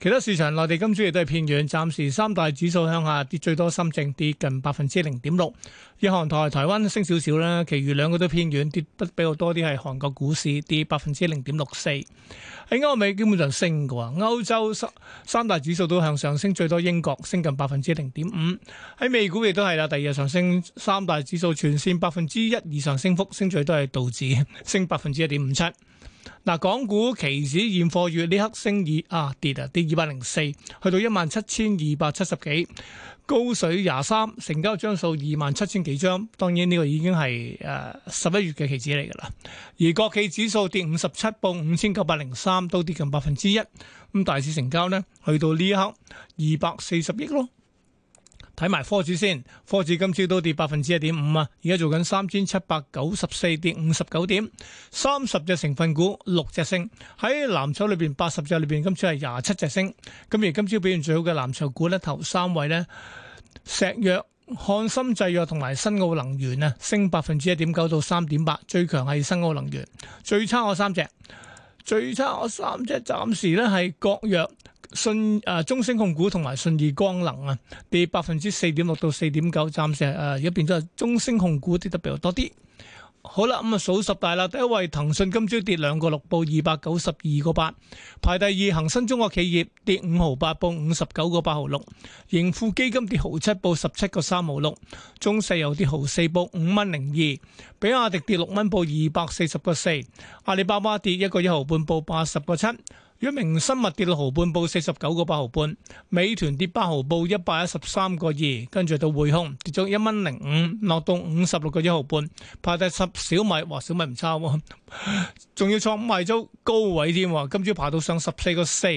其他市場內地金豬亦都係偏軟，暫時三大指數向下跌最多深證，深證跌近百分之零點六。日韓台，台灣升少少啦，其餘兩個都偏軟，跌得比較多啲係韓國股市跌百分之零點六四。喺歐美基本上升嘅喎，歐洲三大指數都向上升，最多英國升近百分之零點五。喺美股亦都係啦，第二日上升，三大指數全線百分之一以上升幅，升最多係道指升百分之一點五七。嗱，港股期指現貨月呢刻升二啊跌啊跌二百零四，去到一萬七千二百七十幾，高水廿三，成交張數二萬七千幾張。當然呢個已經係誒十一月嘅期指嚟㗎啦。而國企指數跌五十七，報五千九百零三，都跌近百分之一。咁大市成交呢，去到呢一刻二百四十億咯。睇埋科指先，科指今朝都跌百分之一點五啊！而家做緊三千七百九十四跌五十九點，三十隻成分股六隻升，喺藍籌裏邊八十隻裏邊今次係廿七隻升。咁而今朝表現最好嘅藍籌股咧，頭三位呢，石藥、漢森製藥同埋新奧能源啊，升百分之一點九到三點八，最強係新奧能源。最差我三隻，最差我三隻暫時咧係國藥。信啊，中升控股同埋信義光能啊，跌百分之四點六到四點九，暫時啊而家變咗係中升控股跌得比較多啲。好啦，咁啊數十大啦，第一位騰訊今朝跌兩個六，報二百九十二個八，排第二恒生中國企業跌五毫八，報五十九個八毫六，盈富基金跌毫七，報十七個三毫六，中石油跌毫四，報五蚊零二，比亞迪跌六蚊，報二百四十個四，阿里巴巴跌一個一毫半，報八十個七，一名生物跌六毫半，報四十九個八毫半；美團跌八毫 2,，報一百一十三個二。跟住到滙控跌咗一蚊零五，落到五十六個一毫半。排第十小米，哇，小米唔差，哦，仲要創五日周高位添。今朝爬到上十四個四，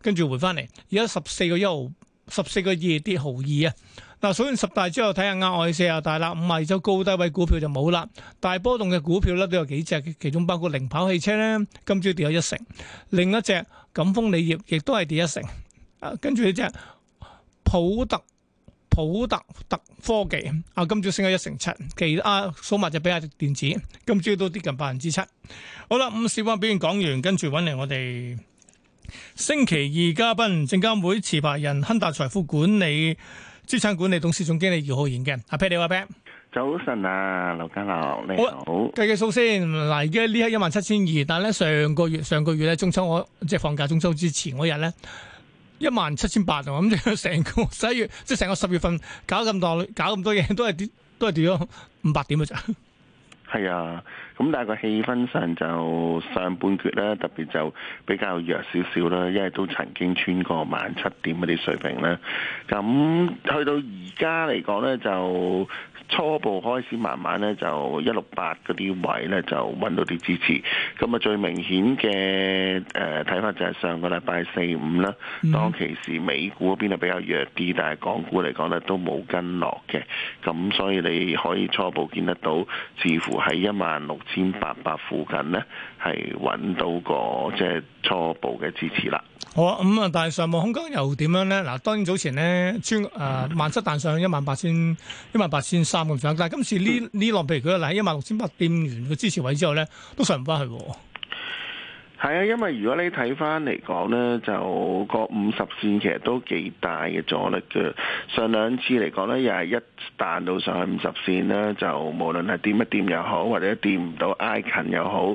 跟住回翻嚟，而家十四個一毫，十四個二跌毫二啊！嗱，數完十大之後，睇下額外四廿大啦。五啊，就高低位股票就冇啦。大波動嘅股票咧都有幾隻，其中包括零跑汽車咧，今朝跌咗一成。另一隻錦豐鋰業亦都係跌一成。啊，跟住呢隻普特普特特科技啊，今朝升咗一成七。其啊，數埋隻比亞迪電子，今朝都跌近百分之七。好啦，咁市況表現講完，跟住揾嚟我哋星期二嘉賓，證監會持牌人，亨達財富管理。資產管理董事總經理姚浩然嘅阿 Pat 話 Pat 早晨啊，劉家樂，你好。計計數先，嗱，而家呢一萬七千二，但係咧上個月，上個月咧中秋我，我即係放假中秋之前嗰日咧，一萬七千八啊，咁就成個十一月，即係成個十月份搞咁多，搞咁多嘢，都係跌，都係跌咗五百點嘅咋。係啊，咁但係個氣氛上就上半段咧，特別就比較弱少少啦，因為都曾經穿過萬七點嗰啲水平啦。咁去到而家嚟講呢，就。初步開始慢慢咧，就，就一六八嗰啲位咧，就揾到啲支持。咁啊，最明顯嘅誒睇法就係上個禮拜四五啦。嗯、當其時美股嗰邊啊比較弱啲，但係港股嚟講咧都冇跟落嘅。咁所以你可以初步見得到，似乎喺一萬六千八百附近呢，係揾到個即係、就是、初步嘅支持啦。好啊，咁、嗯、啊，但係上望空間又點樣呢？嗱，當然早前呢，穿誒、呃、萬七彈上一萬八千，一萬八千三。但係今次呢呢浪，譬如佢喺一萬六千八店員嘅支持位之後咧，都上唔翻去喎。係啊，因為如果你睇翻嚟講呢，就個五十線其實都幾大嘅阻力嘅。上兩次嚟講呢，又係一彈到上去五十線呢，就無論係掂一掂又好，或者掂唔到挨近又好，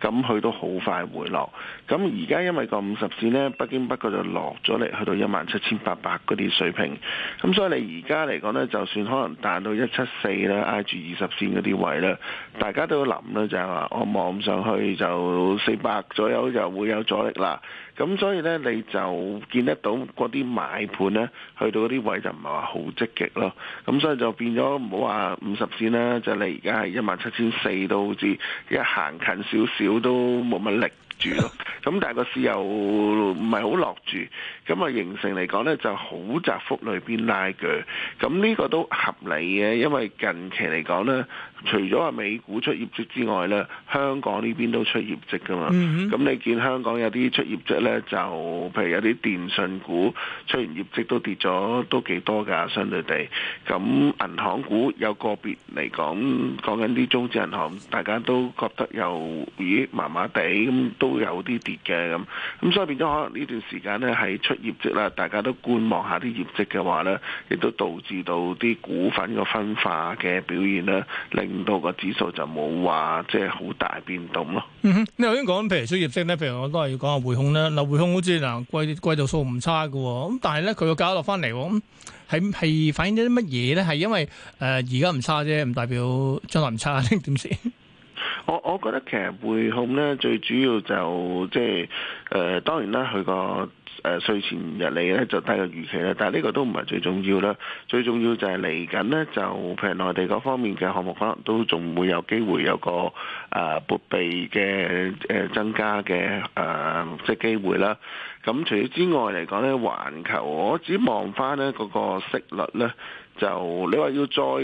咁佢都好快回落。咁而家因為個五十線呢，不經不覺就落咗嚟，去到一萬七千八百嗰啲水平。咁所以你而家嚟講呢，就算可能彈到一七四呢，挨住二十線嗰啲位呢，大家都要諗啦，就係話，我望上去就四百左右。有就會有阻力啦，咁、 嗯嗯、所以呢，你就見得到嗰啲買盤呢，去到嗰啲位就唔係話好積極咯，咁、嗯、所以就變咗唔好話五十線啦，就是、你而家係一萬七千四都好似一行近少少都冇乜力住咯，咁、嗯、但係個市又唔係好落住，咁、嗯、啊形成嚟講呢，就好窄幅裏邊拉鋸，咁、嗯、呢、這個都合理嘅，因為近期嚟講呢。除咗話美股出業績之外呢，香港呢邊都出業績噶嘛。咁、mm hmm. 你見香港有啲出業績呢，就譬如有啲電信股出完業績都跌咗，都幾多噶相對地。咁銀行股有個別嚟講，講緊啲中資銀行，大家都覺得又咦麻麻地咁，都有啲跌嘅咁。咁所以變咗可能呢段時間呢，喺出業績啦，大家都觀望下啲業績嘅話呢，亦都導致到啲股份個分化嘅表現呢，令。唔到個指數就冇話即係好大變動咯。嗯哼，你頭先講譬如商業息咧，譬如我都係要講下匯控啦。嗱，匯控好似嗱季季度數唔差嘅，咁但係咧佢個價落翻嚟，咁係係反映咗啲乜嘢咧？係因為誒、呃、而家唔差啫，唔代表將來唔差，點食？ 我我覺得其實匯控咧最主要就即係誒當然啦，佢個誒稅前盈利咧就低過預期啦，但係呢個都唔係最重要啦。最重要就係嚟緊咧，就譬如內地嗰方面嘅項目可能都仲會有機會有個誒、呃、撥備嘅誒增加嘅誒、呃、即係機會啦。咁除此之外嚟講咧，環球我只望翻咧嗰個息率咧，就你話要再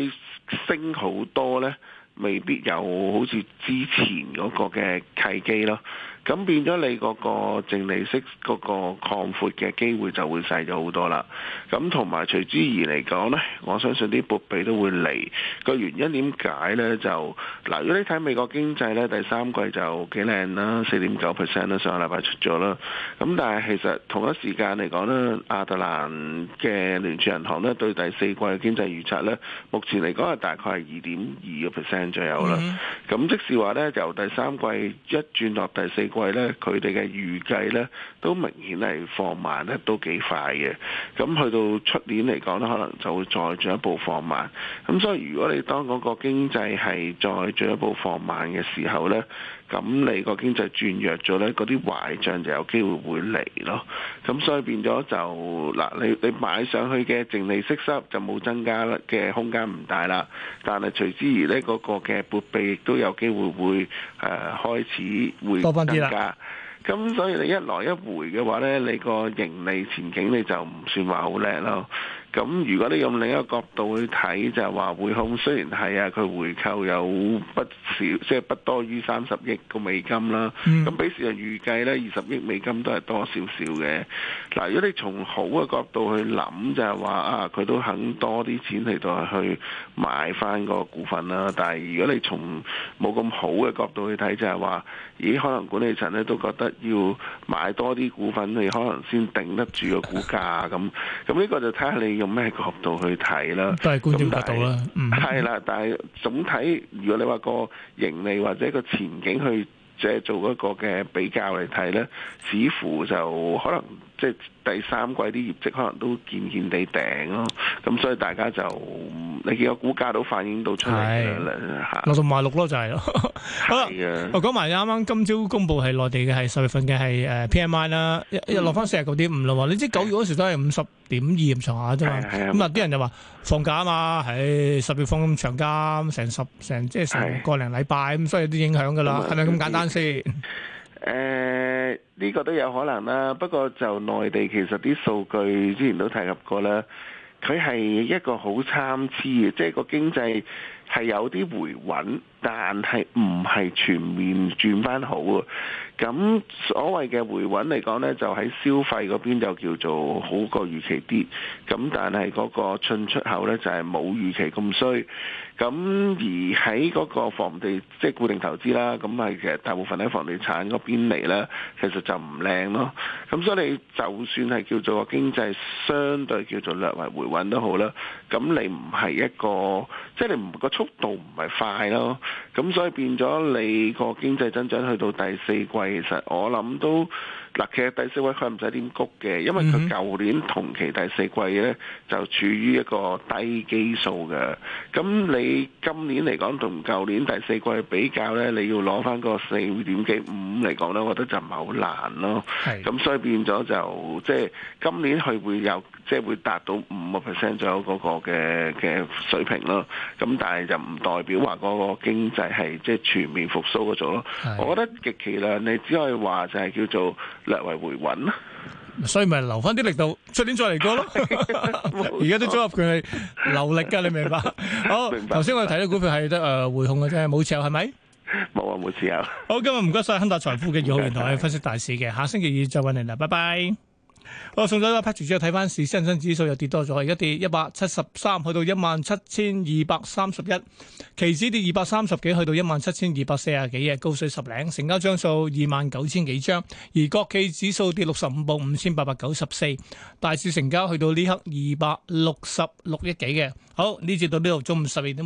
升好多咧。未必有好似之前嗰個嘅契機咯。咁變咗你嗰個淨利息嗰個擴闊嘅機會就會細咗好多啦。咁同埋隨之而嚟講呢，我相信啲撥備都會嚟。個原因點解呢？就嗱，如果你睇美國經濟呢，第三季就幾靚啦，四點九 percent 啦，上個禮拜出咗啦。咁但係其實同一時間嚟講呢，亞特蘭嘅聯儲銀行呢，對第四季嘅經濟預測呢，目前嚟講係大概係二點二個 percent 左右啦。咁、mm hmm. 即係話呢，由第三季一轉落第四位咧，佢哋嘅預計咧，都明顯係放慢咧，都幾快嘅。咁去到出年嚟講咧，可能就會再進一步放慢。咁所以，如果你當嗰個經濟係再進一步放慢嘅時候咧，咁你個經濟轉弱咗呢，嗰啲壞帳就有機會會嚟咯。咁所以變咗就嗱，你你買上去嘅淨利息收入就冇增加啦，嘅空間唔大啦。但係隨之而呢嗰、嗰個嘅撥備亦都有機會會誒、呃、開始會加多翻。咁所以你一來一回嘅話呢，你個盈利前景你就唔算話好叻咯。咁如果你用另一個角度去睇，就係話匯控雖然係啊，佢回購有不少，即係不多於三十億個美金啦。咁、mm. 比市又預計呢，二十億美金都係多少少嘅。嗱，如果你從好嘅角度去諗，就係、是、話啊，佢都肯多啲錢嚟到去買翻個股份啦。但係如果你從冇咁好嘅角度去睇，就係、是、話，咦，可能管理層呢都覺得要買多啲股份，你可能先頂得住個股價咁。咁呢個就睇下你用。咩角度去睇啦？都係觀點得到啦，係啦是、嗯。但係總體，如果你話個盈利或者個前景去即係做一個嘅比較嚟睇咧，似乎就可能。即係第三季啲業績可能都漸漸地頂咯，咁所以大家就你見個股價都反映到出嚟六六萬六咯就係咯。好啦，我講埋啱啱今朝公布係內地嘅係十月份嘅係誒 P M I 啦，又落翻四十九點五咯喎，你知九月嗰時都係五十點二咁上下啫嘛，咁啊啲人就話放假啊嘛，喺十月份咁長假，成十成即係成個零禮拜，咁所以啲影響㗎啦，係咪咁簡單先？誒呢、uh，個都有可能啦，不過就內地其實啲數據之前都提及過啦，佢係一個好參差嘅，即係個經濟係有啲回穩，但係唔係全面轉翻好啊。咁所謂嘅回穩嚟講咧，就喺消費嗰邊就叫做好過預期啲。咁但係嗰個進出口咧就係冇預期咁衰。咁而喺嗰個房地即係固定投資啦，咁係其實大部分喺房地產嗰邊嚟啦，其實就唔靚咯。咁所以你就算係叫做個經濟相對叫做略為回穩都好啦。咁你唔係一個，即係你唔個速度唔係快咯。咁所以變咗你個經濟增長去到第四季。其實我諗都。嗱，其實第四季佢唔使點谷嘅，因為佢舊年同期第四季咧就處於一個低基數嘅。咁你今年嚟講同舊年第四季比較咧，你要攞翻個四點幾五嚟講咧，我覺得就唔係好難咯。係，咁所以變咗就即係今年佢會有即係會達到五個 percent 左右嗰個嘅嘅水平咯。咁但係就唔代表話嗰個經濟係即係全面復甦嗰種咯。係，我覺得極其量，你只可以話就係叫做。略為回穩，所以咪留翻啲力度，出年再嚟過咯。而家啲組合權係留力噶，你明白？好、 哦，頭先白我哋睇到股票係得誒回控嘅啫，冇持有係咪？冇啊，冇持有。是是有持有，好，今日唔該晒亨達財富嘅姚浩然嘅分析大市嘅，下星期二再揾你啦，拜拜。好，送咗個 patch 之後，睇翻市新升指數又跌多咗，而家跌一百七十三，去到一萬七千二百三十一，期指跌二百三十幾，去到一萬七千二百四十幾嘅，高水十零，成交張數二萬九千幾張，而國企指數跌六十五報，五千八百九十四，大市成交去到呢刻二百六十六億幾嘅，好，呢節到呢度中午十二點